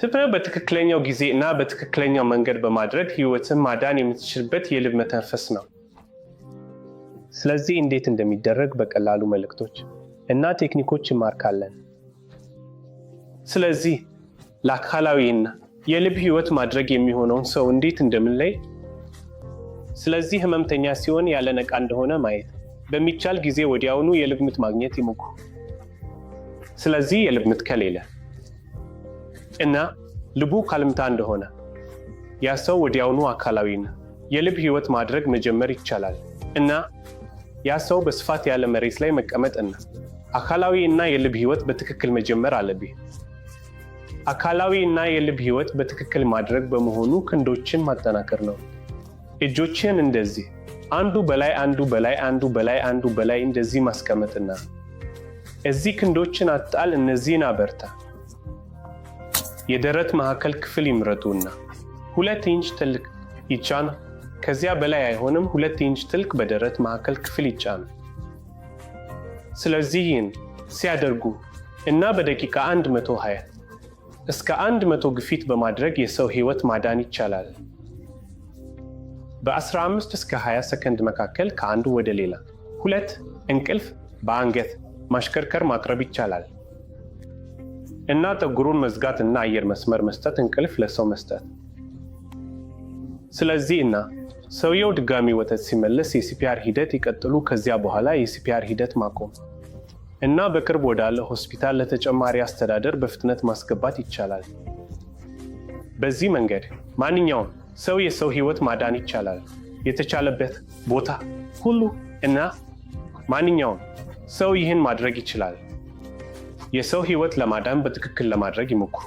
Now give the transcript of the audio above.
ስፍረ በትክክለኛው ጊዜ እና በትክክለኛው መንገድ በማድረግ ህይወትን ማዳን የምትችልበት የልብ መተንፈስ ነው። ስለዚህ እንዴት እንደሚደረግ በቀላሉ መልእክቶች እና ቴክኒኮች ይማርካለን። ስለዚህ ለአካላዊና የልብ ህይወት ማድረግ የሚሆነውን ሰው እንዴት እንደምንለይ፣ ስለዚህ ህመምተኛ ሲሆን ያለ ነቃ እንደሆነ ማየት በሚቻል ጊዜ ወዲያውኑ የልብ ምት ማግኘት ይሞክሩ። ስለዚህ የልብ ምት ከሌለ እና ልቡ ካልምታ እንደሆነ ያ ሰው ወዲያውኑ አካላዊና የልብ ህይወት ማድረግ መጀመር ይቻላል እና ያ ሰው በስፋት ያለ መሬት ላይ መቀመጥ እና አካላዊ እና የልብ ህይወት በትክክል መጀመር አለብህ። አካላዊ እና የልብ ህይወት በትክክል ማድረግ በመሆኑ ክንዶችን ማጠናከር ነው። እጆችን እንደዚህ አንዱ በላይ አንዱ በላይ አንዱ በላይ አንዱ በላይ እንደዚህ ማስቀመጥና እዚህ ክንዶችን አጣል፣ እነዚህን አበርታ። የደረት ማዕከል ክፍል ይምረጡና ሁለት ኢንች ትልቅ ይጫኑ። ከዚያ በላይ አይሆንም። ሁለት ኢንች ትልቅ በደረት ማዕከል ክፍል ይጫኑ። ስለዚህን ሲያደርጉ እና በደቂቃ 120 እስከ 100 ግፊት በማድረግ የሰው ህይወት ማዳን ይቻላል። በ15 እስከ 20 ሰከንድ መካከል ከአንዱ ወደ ሌላ። ሁለት እንቅልፍ በአንገት ማሽከርከር ማቅረብ ይቻላል። እና ጠጉሩን መዝጋት እና አየር መስመር መስጠት እንቅልፍ ለሰው መስጠት። ስለዚህ እና ሰውየው ድጋሚ ወተት ሲመለስ የሲፒአር ሂደት ይቀጥሉ። ከዚያ በኋላ የሲፒአር ሂደት ማቆም እና በቅርብ ወዳለ ሆስፒታል ለተጨማሪ አስተዳደር በፍጥነት ማስገባት ይቻላል። በዚህ መንገድ ማንኛውም ሰው የሰው ህይወት ማዳን ይቻላል፣ የተቻለበት ቦታ ሁሉ እና ማንኛውም ሰው ይህን ማድረግ ይችላል። የሰው ህይወት ለማዳን በትክክል ለማድረግ ይሞክሩ።